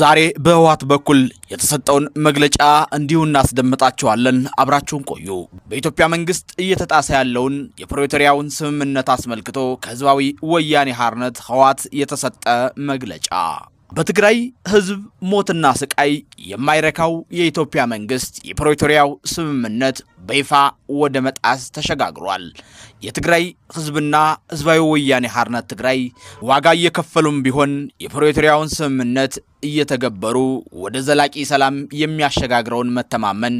ዛሬ በህወሓት በኩል የተሰጠውን መግለጫ እንዲሁ እናስደምጣችኋለን። አብራችሁን ቆዩ። በኢትዮጵያ መንግስት እየተጣሰ ያለውን የፕሪቶሪያውን ስምምነት አስመልክቶ ከህዝባዊ ወያኔ ሓርነት ህወሓት የተሰጠ መግለጫ በትግራይ ህዝብ ሞትና ስቃይ የማይረካው የኢትዮጵያ መንግስት የፕሪቶሪያው ስምምነት በይፋ ወደ መጣስ ተሸጋግሯል። የትግራይ ህዝብና ህዝባዊ ወያኔ ሐርነት ትግራይ ዋጋ እየከፈሉም ቢሆን የፕሪቶሪያውን ስምምነት እየተገበሩ ወደ ዘላቂ ሰላም የሚያሸጋግረውን መተማመን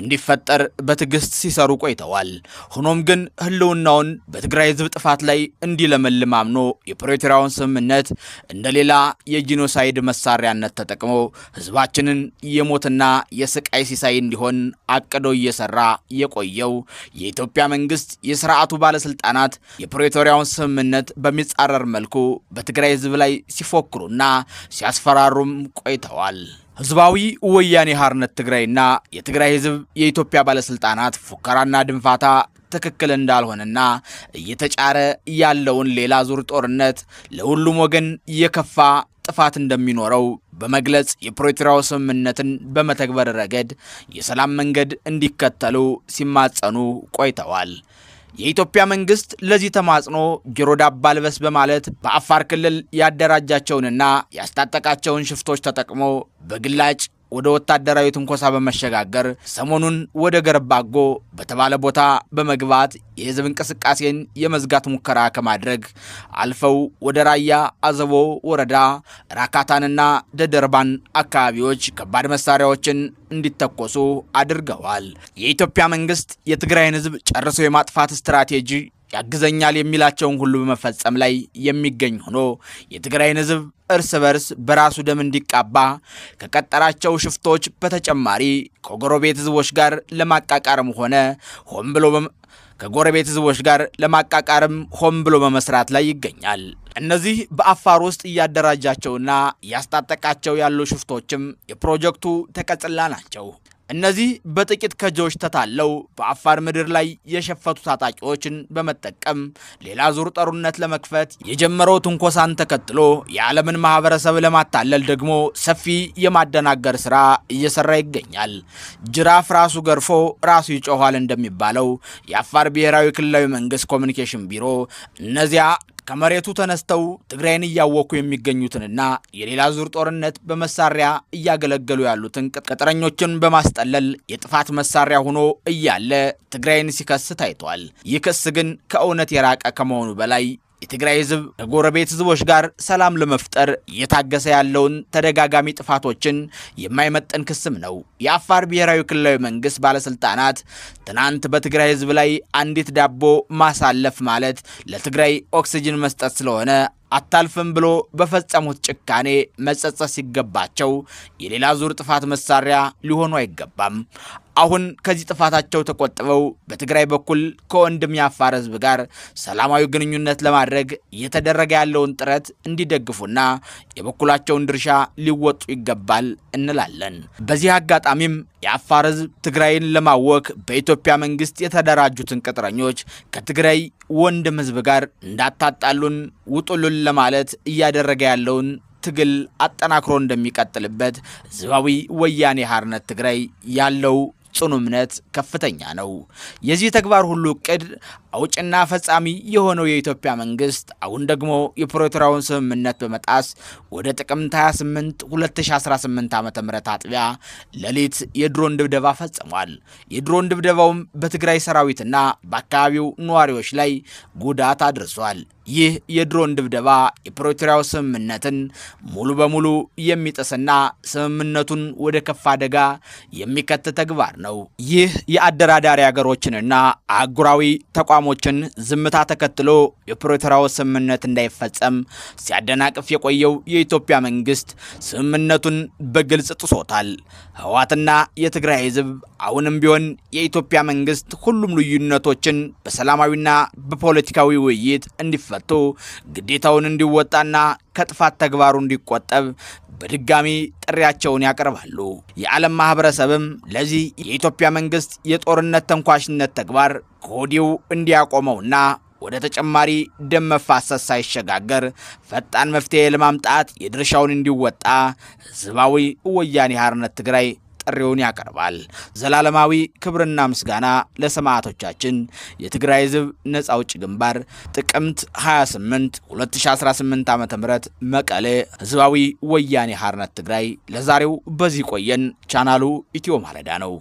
እንዲፈጠር በትዕግስት ሲሰሩ ቆይተዋል። ሆኖም ግን ህልውናውን በትግራይ ህዝብ ጥፋት ላይ እንዲለመልም አምኖ የፕሪቶሪያውን ስምምነት እንደሌላ የጂኖሳይድ መሳሪያነት ተጠቅሞ ህዝባችንን የሞትና የስቃይ ሲሳይ እንዲሆን አቅዶ እየሰራ የቆየው የኢትዮጵያ መንግስት፣ የስርዓቱ ባለስልጣናት የፕሬቶሪያውን ስምምነት በሚጻረር መልኩ በትግራይ ህዝብ ላይ ሲፎክሩና ሲያስፈራሩም ቆይተዋል። ህዝባዊ ወያኔ ሓርነት ትግራይና የትግራይ ህዝብ የኢትዮጵያ ባለስልጣናት ፉከራና ድንፋታ ትክክል እንዳልሆነና እየተጫረ ያለውን ሌላ ዙር ጦርነት ለሁሉም ወገን የከፋ ጥፋት እንደሚኖረው በመግለጽ የፕሪቶሪያው ስምምነትን በመተግበር ረገድ የሰላም መንገድ እንዲከተሉ ሲማጸኑ ቆይተዋል። የኢትዮጵያ መንግስት ለዚህ ተማጽኖ ጆሮ ዳባ ልበስ በማለት በአፋር ክልል ያደራጃቸውንና ያስታጠቃቸውን ሽፍቶች ተጠቅሞ በግላጭ ወደ ወታደራዊ ትንኮሳ በመሸጋገር ሰሞኑን ወደ ገረባጎ በተባለ ቦታ በመግባት የህዝብ እንቅስቃሴን የመዝጋት ሙከራ ከማድረግ አልፈው ወደ ራያ አዘቦ ወረዳ ራካታንና ደደርባን አካባቢዎች ከባድ መሳሪያዎችን እንዲተኮሱ አድርገዋል። የኢትዮጵያ መንግስት የትግራይን ህዝብ ጨርሶ የማጥፋት ስትራቴጂ ያግዘኛል የሚላቸውን ሁሉ በመፈጸም ላይ የሚገኝ ሆኖ የትግራይን ህዝብ እርስ በርስ በራሱ ደም እንዲቃባ ከቀጠራቸው ሽፍቶች በተጨማሪ ከጎረቤት ህዝቦች ጋር ለማቃቃርም ሆነ ሆን ብሎ ከጎረቤት ህዝቦች ጋር ለማቃቃርም ሆን ብሎ በመስራት ላይ ይገኛል። እነዚህ በአፋር ውስጥ እያደራጃቸውና እያስታጠቃቸው ያሉ ሽፍቶችም የፕሮጀክቱ ተቀጽላ ናቸው። እነዚህ በጥቂት ከጀዎች ተታለው በአፋር ምድር ላይ የሸፈቱ ታጣቂዎችን በመጠቀም ሌላ ዙር ጠሩነት ለመክፈት የጀመረው ትንኮሳን ተከትሎ የዓለምን ማህበረሰብ ለማታለል ደግሞ ሰፊ የማደናገር ስራ እየሰራ ይገኛል። ጅራፍ ራሱ ገርፎ ራሱ ይጮኋል እንደሚባለው የአፋር ብሔራዊ ክልላዊ መንግስት ኮሚኒኬሽን ቢሮ እነዚያ ከመሬቱ ተነስተው ትግራይን እያወኩ የሚገኙትንና የሌላ ዙር ጦርነት በመሳሪያ እያገለገሉ ያሉትን ቅጥረኞችን በማስጠለል የጥፋት መሳሪያ ሆኖ እያለ ትግራይን ሲከስ ታይቷል። ይህ ክስ ግን ከእውነት የራቀ ከመሆኑ በላይ የትግራይ ህዝብ ከጎረቤት ህዝቦች ጋር ሰላም ለመፍጠር እየታገሰ ያለውን ተደጋጋሚ ጥፋቶችን የማይመጠን ክስም ነው። የአፋር ብሔራዊ ክልላዊ መንግስት ባለስልጣናት ትናንት በትግራይ ህዝብ ላይ አንዲት ዳቦ ማሳለፍ ማለት ለትግራይ ኦክሲጅን መስጠት ስለሆነ አታልፍም ብሎ በፈጸሙት ጭካኔ መጸጸት ሲገባቸው የሌላ ዙር ጥፋት መሳሪያ ሊሆኑ አይገባም። አሁን ከዚህ ጥፋታቸው ተቆጥበው በትግራይ በኩል ከወንድም የአፋር ህዝብ ጋር ሰላማዊ ግንኙነት ለማድረግ እየተደረገ ያለውን ጥረት እንዲደግፉና የበኩላቸውን ድርሻ ሊወጡ ይገባል እንላለን። በዚህ አጋጣሚም የአፋር ህዝብ ትግራይን ለማወክ በኢትዮጵያ መንግስት የተደራጁትን ቅጥረኞች ከትግራይ ወንድም ህዝብ ጋር እንዳታጣሉን ውጡሉን ለማለት እያደረገ ያለውን ትግል አጠናክሮ እንደሚቀጥልበት ህዝባዊ ወያኔ ሓርነት ትግራይ ያለው ጽኑ እምነት ከፍተኛ ነው። የዚህ ተግባር ሁሉ እቅድ አውጭና ፈጻሚ የሆነው የኢትዮጵያ መንግስት አሁን ደግሞ የፕሪቶሪያውን ስምምነት በመጣስ ወደ ጥቅምት 28 2018 ዓ ም አጥቢያ ሌሊት የድሮን ድብደባ ፈጽሟል። የድሮን ድብደባውም በትግራይ ሰራዊትና በአካባቢው ነዋሪዎች ላይ ጉዳት አድርሷል። ይህ የድሮን ድብደባ የፕሪቶሪያው ስምምነትን ሙሉ በሙሉ የሚጥስና ስምምነቱን ወደ ከፍ አደጋ የሚከት ተግባር ነው። ይህ የአደራዳሪ ሀገሮችንና አህጉራዊ ተቋሞችን ዝምታ ተከትሎ የፕሪቶሪያው ስምምነት እንዳይፈጸም ሲያደናቅፍ የቆየው የኢትዮጵያ መንግስት ስምምነቱን በግልጽ ጥሶታል። ህወሓትና የትግራይ ህዝብ አሁንም ቢሆን የኢትዮጵያ መንግስት ሁሉም ልዩነቶችን በሰላማዊና በፖለቲካዊ ውይይት እንዲፈ ሰጥቶ ግዴታውን እንዲወጣና ከጥፋት ተግባሩ እንዲቆጠብ በድጋሚ ጥሪያቸውን ያቀርባሉ። የዓለም ማህበረሰብም ለዚህ የኢትዮጵያ መንግስት የጦርነት ተንኳሽነት ተግባር ከወዲሁ እንዲያቆመውና ወደ ተጨማሪ ደም መፋሰስ ሳይሸጋገር ፈጣን መፍትሄ ለማምጣት የድርሻውን እንዲወጣ ህዝባዊ ወያኔ ሓርነት ትግራይ ጥሪውን ያቀርባል። ዘላለማዊ ክብርና ምስጋና ለሰማዕቶቻችን። የትግራይ ህዝብ ነጻ አውጪ ግንባር ጥቅምት 28 2018 ዓ ም መቀሌ ህዝባዊ ወያኔ ሐርነት ትግራይ። ለዛሬው በዚህ ቆየን። ቻናሉ ኢትዮ ማለዳ ነው።